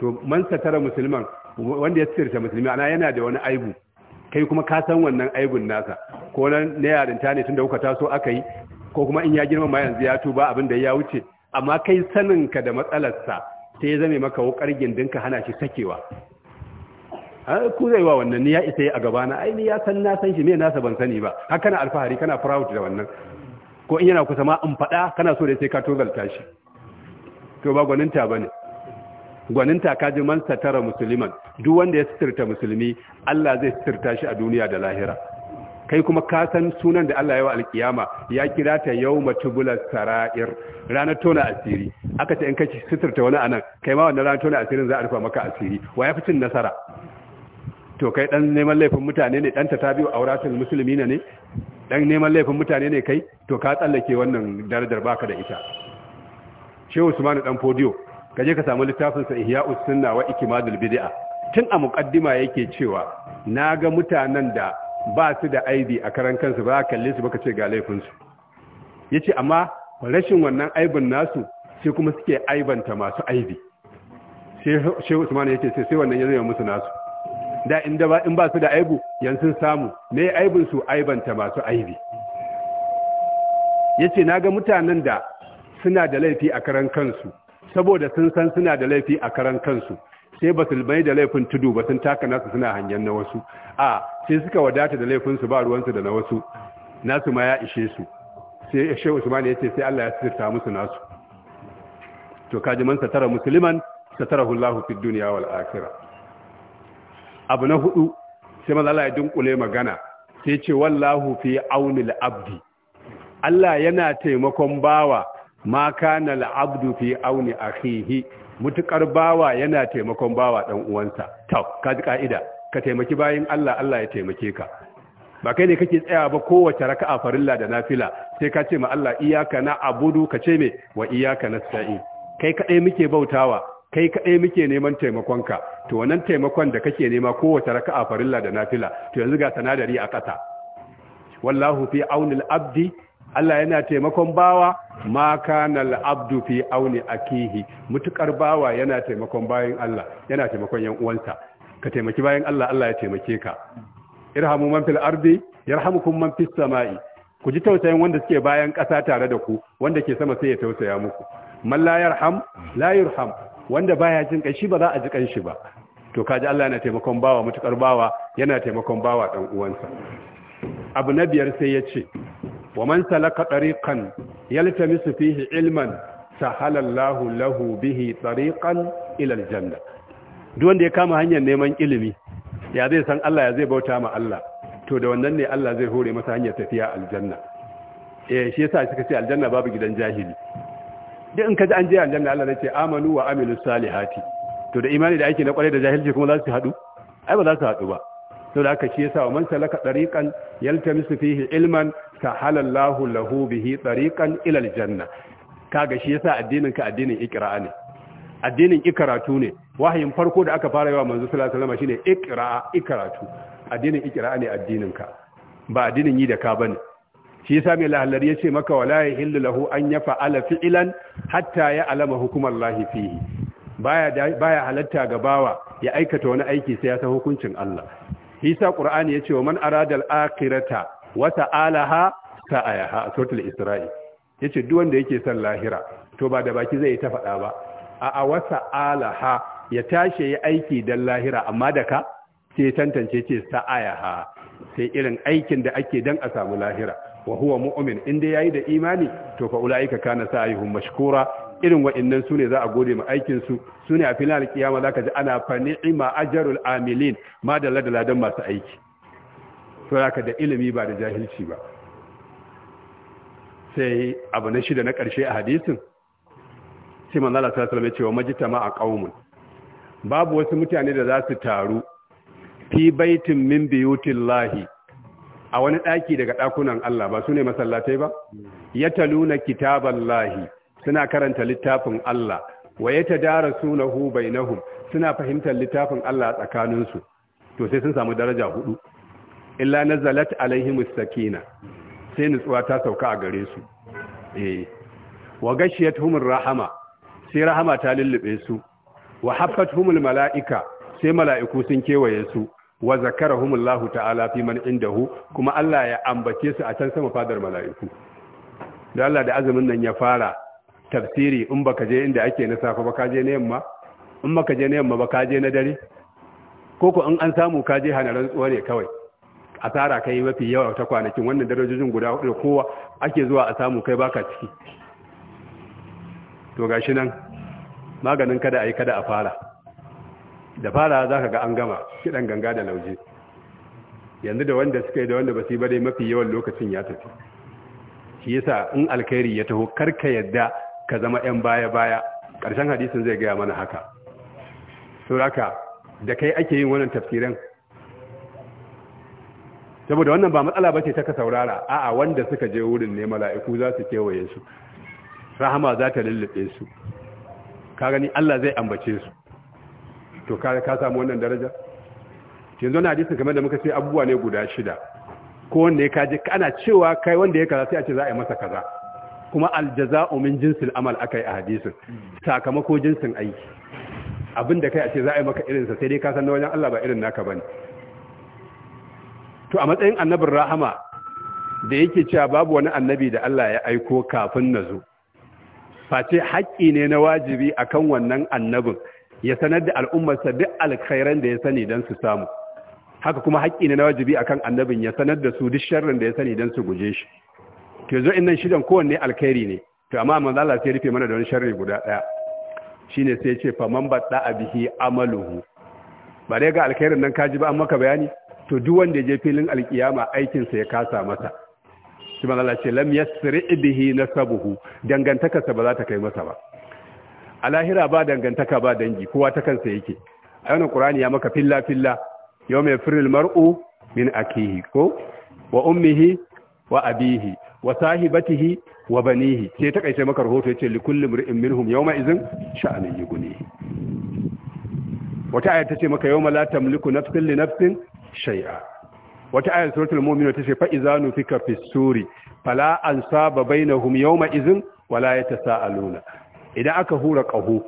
to man satara musulman wanda ya sitirta musulmi ana yana da wani aibu kai kuma ka san wannan aibun nasa ko nan ne yarinta ne tunda kuka taso aka yi ko kuma in ya girma ma yanzu ya tuba abin da ya wuce amma kai saninka da matsalarsa sai ya zame maka wukar ka hana shi sakewa ku zai wa wannan ni ya isa a gabana ai ni ya san na san shi me nasa ban sani ba har kana alfahari kana proud da wannan ko in yana kusa ma in fada kana so da sai ka tozalta shi to ba gwaninta bane gwaninta ka ji man satara musulman duk wanda ya sirta musulmi Allah zai sirta shi a duniya da lahira kai kuma ka san sunan da Allah ya yi wa alkiyama ya kira ta yau matubular sara'ir ranar tona asiri aka ce in ka sitirta wani anan kai ma wannan ranar tona asirin za a rufa maka asiri wa ya fi cin nasara to kai dan neman laifin mutane ne dan biyu auratul musulmi ne dan neman laifin mutane ne kai to ka tsallake wannan darajar baka da ita Shehu Usman dan Podio je ka samu littafin sa Ihya'us Sunna wa ikmadul Bid'a tun a muqaddima yake cewa naga mutanen da ba su da aibi a karan kansu ba kalle su baka ce ga laifinsu ya ce amma rashin wannan aibin nasu sai kuma suke aibanta masu aibi sai usman ya ce sai wannan ya zama musu nasu da inda ba in ba su da aibu yanzu samu ne aibin su aibanta masu aibi ya ce na ga mutanen da suna da laifi a karan kansu saboda sun san suna da laifi a karan kansu sai ba su da laifin tudu ba sun taka nasu suna hanyar na wasu a sai suka wadata da laifinsu ba ruwansu da na wasu nasu ma ya ishe su sai shehu usman ya ce sai Allah ya sirta musu nasu to kaji man satara musliman satarahu Allahu fid dunya wal akhirah abu na hudu sai man Allah ya dunkule magana sai ce wallahu fi aunil abdi Allah yana taimakon bawa ma kana al abdu fi auni akhihi mutukar bawa yana taimakon bawa dan uwansa to kaji kaida ka taimaki bayan Allah Allah ya taimake ka ba kai ne kake tsaya ba kowace raka raka'a farilla da nafila sai ka ce ma Allah iyyaka abudu ka ce me wa iyyaka nasta'in kai kadai muke bautawa kai kadai muke neman taimakon ka. to wannan taimakon da kake nema kowace raka raka'a farilla da nafila to yanzu ga sanadari a kasa wallahu fi al abdi Allah yana taimakon bawa ma al abdu fi auni akihi mutukar bawa yana taimakon bayin Allah yana taimakon yan uwansa ka taimaki bayan Allah Allah ya taimake ka irhamu man fil ardi yarhamukum man fis samai ku ji tausayin wanda suke bayan ƙasa tare da ku wanda ke sama sai ya tausaya muku man la yarham la yurham wanda baya jin kai shi ba za a ji kan shi ba to kaji Allah yana taimakon bawa mutukar bawa yana taimakon bawa dan uwansa abu na biyar sai ya ce wa man salaka tariqan yaltamisu fihi ilman sahala Allahu lahu bihi tariqan ila aljanna duk wanda ya kama hanyar neman ilimi ya zai san Allah ya zai bauta ma Allah to da wannan ne Allah zai hore masa hanyar tafiya aljanna eh shi yasa suka ce aljanna babu gidan jahili duk in ji an je aljanna Allah ne ce amanu wa amilus salihati to da imani da ake na kware da jahilci kuma za su haɗu ai ba za su haɗu ba to da aka shi yasa wa man salaka tariqan yaltamisu fihi ilman ka Allahu lahu bihi tariqan ila aljanna kaga shi yasa addinin ka addinin iqra'a ne addinin ikaratu ne wahayin farko da aka fara yawa manzo sallallahu alaihi wasallam shine ikra ikaratu addinin ikra ne addinin ka ba addinin yi da ka bane shi yasa mai ya yace maka wala yahillu lahu an yafa'ala fi'lan hatta ya alama hukumallahi fihi baya baya halatta ga bawa ya aikata wani aiki sai ya san hukuncin Allah hisa qur'ani yace wa man arada al-akhirata wa ta'alaha sa'ayaha suratul isra'i yace duk wanda yake son lahira to ba da baki zai ta faɗa ba a wasa alaha ya tashi ya aiki don lahira amma da ka sai tantance ce ayaha. sai irin aikin da ake don a samu lahira wa huwa mu'min inda yayi da imani to fa ulaika kana sa'ihum mashkura irin wa'annan sune za a gode ma aikin su sune a filal kiyama zaka ji ana fa ni'ma ajrul amilin ma da ladan masu aiki to zaka da ilimi ba da jahilci ba sai abu na shida na karshe a hadisin sai ma Allah sallallahu alaihi wasallam ya a qaumun babu wasu mutane da za su taru fi baitin min biyutillahi a wani ɗaki daga ɗakunan Allah ba su ne masallatai ba ya taluna kitaballahi suna karanta littafin Allah wa ya ta bainahum suna fahimtar littafin Allah tsakaninsu to sai sun samu daraja hudu illa nazalat alaihimus sakina sai nutsuwa ta sauka a gare su eh wa gashiyatuhumur rahama sai rahama ta lullube su wa haffatuhumul mala'ika sai mala'iku sun kewaye su wa zakarahumullahu ta'ala fi man indahu kuma Allah ya ambace su a can sama fadar mala'iku da Allah da azumin nan ya fara tafsiri in baka je inda ake na safa ba je na yamma in baka je na yamma ba je na dare koko in an samu ka je hanaran tsuwa ne kawai asara kai mafi yawa ta kwanakin wannan darajojin guda hudu kowa ake zuwa a samu kai baka ciki to gashi nan maganin kada a yi kada a fara da fara za ka ga an gama kiɗan ganga da lauje yanzu da wanda suka yi da wanda ba su yi dai mafi yawan lokacin ya tafi shi yasa in alkhairi ya taho karka yadda ka zama 'yan baya-baya ƙarshen hadisin zai gaya mana haka sauraka da kai ake yin wannan tafsirin saboda wannan ba matsala ba ce ta ka saurara a'a wanda suka je wurin ne mala'iku za su kewaye su rahama za ta lullube su ka gani Allah zai ambace su to ka ka samu wannan daraja yanzu na hadisin game da muka ce abubuwa ne guda shida ko wanda ya kaje kana cewa kai wanda ya kaza sai a ce za a yi masa kaza kuma aljaza'u min jinsil amal akai a hadisin sakamako jinsin aiki abinda kai a ce za a yi maka irinsa sai dai ka san wajen Allah ba irin naka bane to a matsayin annabin rahama da yake cewa babu wani annabi da Allah ya aiko kafin na zo face haƙƙi ne na wajibi a kan wannan annabin ya sanar da al'ummarsa duk alkhairan da ya sani don su samu haka kuma haƙƙi ne na wajibi a kan annabin ya sanar da su duk sharrin da ya sani don su guje shi to zo in nan shidan kowanne alkhairi ne to amma amma zala sai rufe mana da wani sharri guda ɗaya Shi ne sai ce fa man a bihi amaluhu ba dai ga alkhairin nan kaji ba an maka bayani to duk wanda ya je filin alkiyama aikinsa ya kasa masa shi ma lalace lam yasri bihi nasabuhu dangantakarsa ba za ta kai masa ba a lahira ba dangantaka ba dangi kowa ta kansa yake a qur'ani ya maka filla filla yawma yafrul mar'u min akihi ko wa ummihi wa abihi wa sahibatihi wa banihi sai ta kaice maka rahoto yace kulli mar'in minhum yawma idhin sha'an yughnihi wata ayata ce maka yawma la tamliku nafsin li nafsin shay'a wata ayar suratul mu'minu ta ce fa iza nufika fi suri fala ansaba bainahum yawma izin wala yatasaaluna idan aka hura qahu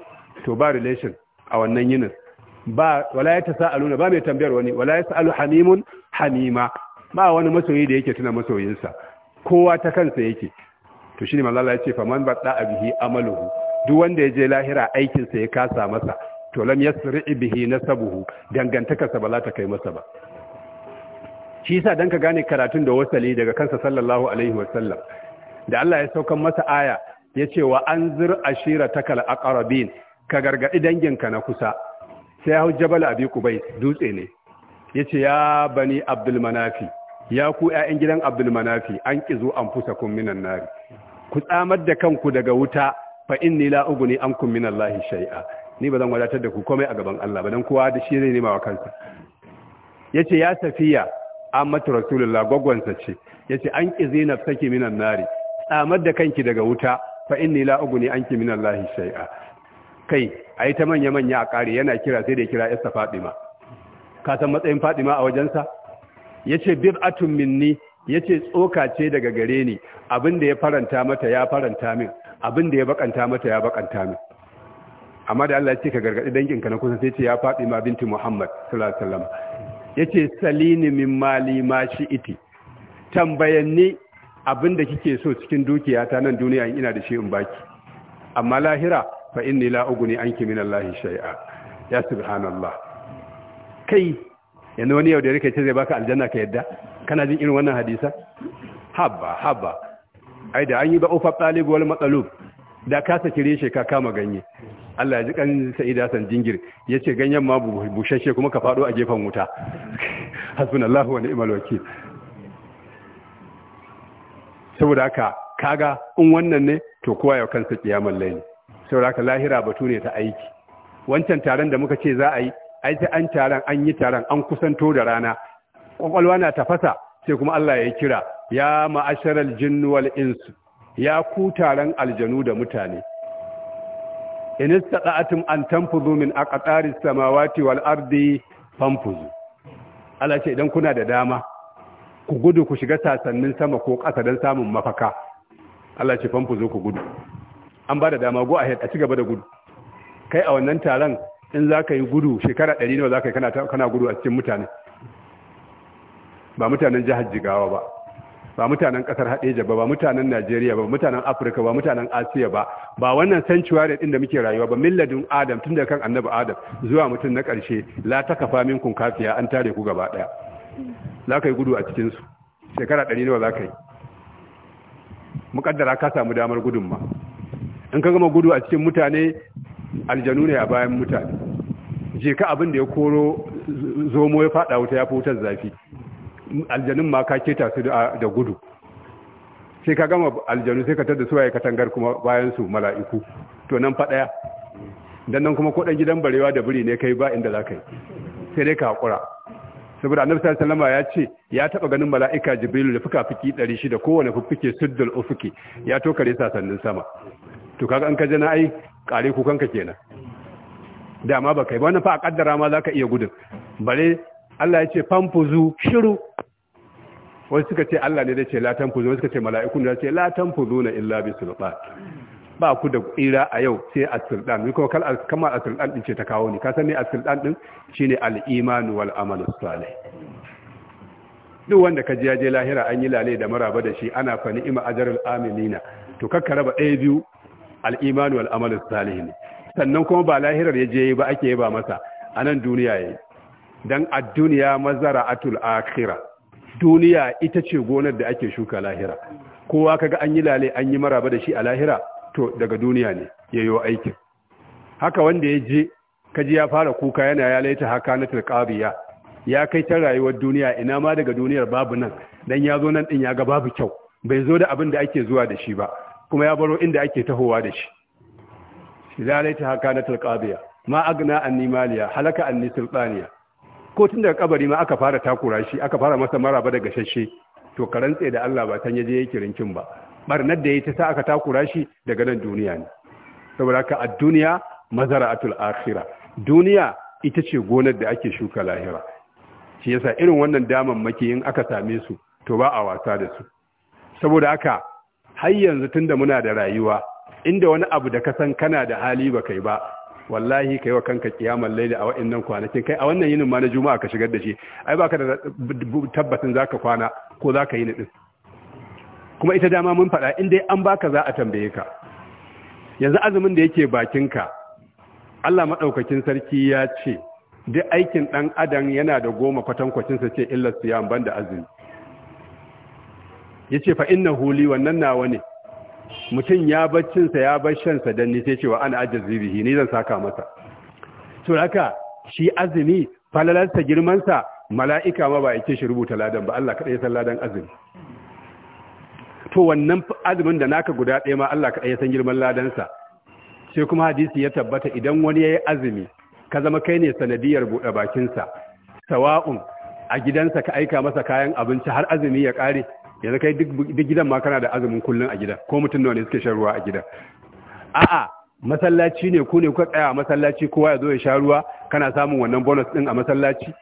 to ba relation a wannan yinin ba wala yatasaaluna ba mai tambayar wani wala yasalu hamimun hamima ba wani masoyi da yake tuna masoyinsa kowa ta kansa yake to shine manzo Allah ya ce faman badda bihi amaluhu duk wanda ya je lahira aikinsa ya kasa masa to lam yasri bihi nasabuhu dangantakarsa ba za ta kai masa ba shi sa dan ka gane karatun da wasali daga kansa sallallahu alaihi wasallam da Allah ya saukan masa aya ce wa an anzir a aqrabin ka gargadi danginka na kusa sai hau jabal abi kubai dutse ne Ya ce ya bani abdul manafi ya ku ƴaƴan gidan abdul manafi an kizu an fusa kun minan nari ku tsamar da kanku daga wuta fa inni la uguni ankum Lahi shay'a ni ba zan wadatar da ku komai a gaban Allah ba dan kowa da shi zai nema wa kansa yace ya safiya ammatu rasulullah gogonsa ce yace an na nafsaki minan nari tsamar da kanki daga wuta fa inni la uguni anki minallahi shay'a kai ai ta manya manya a kare yana kira sai da kira isa fadima ka san matsayin fadima a wajensa yace bid'atun minni yace tsoka ce daga gare ni abin da ya faranta mata ya faranta min abin da ya bakanta mata ya bakanta min amma da Allah ya ce ka gargadi danginka na kusa sai ce ya fadima binti Muhammad sallallahu alaihi wasallam yace salini min mali ma shi iti. tambayanni da kike so cikin dukiyata nan duniya ina da shi in baki amma lahira fa inni la uguni anki min allahi shay'a ya subhanallah kai yanzu wani yau da rike ce zai baka aljanna ka yadda kana jin irin wannan hadisa habba habba ai da an yi ba ufa talib wal matalub da ka saki reshe ka kama ganye Allah ya ji kan Sa'id san Jingir yace ganyen ma bushashe kuma ka fado a gefen wuta hasbunallahu wa ni'mal wakil saboda haka kaga in wannan ne to kowa ya kansa kiyamar laili saboda haka lahira batu ne ta aiki wancan taron da muka ce za a yi ai sai an taron an yi taron an kusanto da rana kwakwalwa na tafasa sai kuma Allah ya kira ya ma'asharal jinn wal insu ya ku taron aljanu da mutane in istata'atum an tanfuzu min aqtaris samawati wal ardi fanfuzu Allah ce idan kuna da dama ku gudu ku shiga sasannin sama ko ƙasa don samun mafaka Allah ce fanfuzu ku gudu an ba da dama go ahead a ci gaba da gudu kai a wannan taron in za ka yi gudu shekara ɗari nawa za ka yi kana gudu a cikin mutane ba mutanen jihar jigawa ba ba mutanen kasar haɗeja ba ba mutanen najeriya ba mutanen afirka ba mutanen asiya ba ba wannan sanctuary ɗin da muke rayuwa ba milladin adam tun da kan annabi adam zuwa mutum na ƙarshe la ta kafa minkum kafiya an tare ku gaba ɗaya za ka yi gudu a cikinsu shekara ɗari nawa za ka yi muƙaddara ka samu damar gudun ma in ka gama gudu a cikin mutane aljanu ne a bayan mutane je ka abin da ya koro zomo ya faɗa wuta ya fi wutar zafi aljanun ma ka keta su da gudu sai ka gama aljanu sai ka tada suwaye katangar kuma bayan su mala'iku to nan fa daya dan nan kuma kodan gidan barewa da buri ne kai ba inda za ka yi sai dai ka hakura saboda annabi sallallahu alaihi ya ce ya taba ganin mala'ika jibril da fuka-fuki 600 kowane fuffuke suddul ufuki ya to kare sasannin sama to kaga an ka jana ai kare kanka kenan dama ba kai ba wannan fa a kaddara ma zaka iya gudun bare Allah ya ce famfuzu shiru Wasu suka ce Allah ne da ce latan fuzo suka ce mala'iku ne da ce latan na illa bi sulɓa ba ku da ƙira a yau sai a sulɗan ni kamar ɗin ce ta kawo ni ka san ne ɗin shine ne al'imanu wal amalu salih duk wanda ka ji yaje lahira an yi lale da maraba da shi ana fa ni'ima ajrul amilina to kakka raba ɗaya biyu al'imanu wal amalu salih ne sannan kuma ba lahirar ya je ba ake ba masa a nan duniya yayi dan ad-dunya mazara'atul akhirah duniya ita ce gonar da ake shuka lahira kowa kaga an yi lale an yi maraba da shi a lahira to daga duniya ne yayo aikin haka wanda ya je kaji ya fara kuka yana ya laita haka na tilkabiya ya kai ta rayuwar duniya ina ma daga duniyar babu nan dan ya zo nan din ya ga babu kyau bai zo da abin da ake zuwa da shi ba kuma ya baro inda ake tahowa da shi ya laita haka na tilkabiya ma agna annimaliya halaka anni ko tun daga kabari ma aka fara takura shi aka fara masa maraba da shashe to karantse da Allah ba tan yaje yake rinkin ba barnar da yayi ta sa aka takura shi daga nan duniya ne saboda haka ad-dunya mazara'atul akhira duniya ita ce gonar da ake shuka lahira shi yasa irin wannan daman maki in aka same su to ba a wasa da su saboda haka har yanzu tunda muna da rayuwa inda wani abu da ka san kana da hali ba kai ba wallahi kai wa kanka kiyamar laili a wa'annan kwanakin kai a wannan yinin ma na juma'a ka shigar da shi ai baka da tabbatin zaka kwana ko zaka yi din kuma ita dama mun faɗa in dai an baka za a tambaye ka yanzu azumin da yake bakinka Allah maɗaukakin sarki ya ce duk aikin dan adam yana da goma kwatankwacin sa ce illa siyam banda azumi yace fa innahu li wannan nawa ne mutum ya baccinsa ya baccinsa don ni sai cewa ana ajiyar zirihi ni zan saka masa to haka shi azumi falalarsa girmansa mala'ika ma ba yake shi rubuta ladan ba Allah kaɗai san ladan azumi to wannan azumin da naka guda ɗaya ma Allah kaɗai san girman ladansa sai kuma hadisi ya tabbata idan wani ya yi azumi ka zama kai ne sanadiyar buɗe bakinsa sawa'un a gidansa ka aika masa kayan abinci har azumi ya ƙare yanzu kai duk gidan ma kana da azumin kullum a gida ko mutum nawa ne suke shan ruwa a gida a'a masallaci ne ku ne kuka tsaya a masallaci kowa ya zo ya sha ruwa kana samun wannan bonus din a masallaci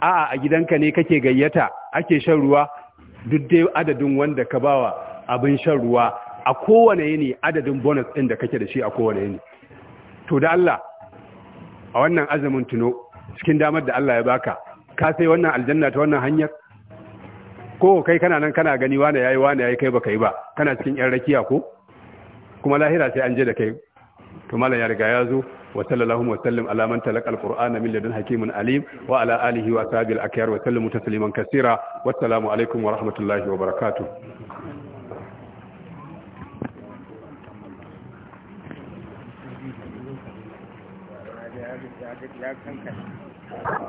a'a a gidanka ne kake gayyata ake shan ruwa duk dai adadin wanda ka bawa abin shan ruwa a kowane yini adadin bonus din da kake da shi a kowane yini to da Allah a wannan azumin tuno cikin damar da Allah ya baka ka sai wannan aljanna ta wannan hanyar ko kai kana nan kana gani wane yayi wane yayi kai baka yi ba kana cikin yan rakiya ko kuma lahira sai an je da kai to mallan ya riga ya zo wa sallallahu wa sallam ala man talaqa alquran min ladun hakimin alim wa ala alihi wa sahbihi alakyar wa sallamu tasliman kaseera assalamu alaikum wa rahmatullahi wa barakatuh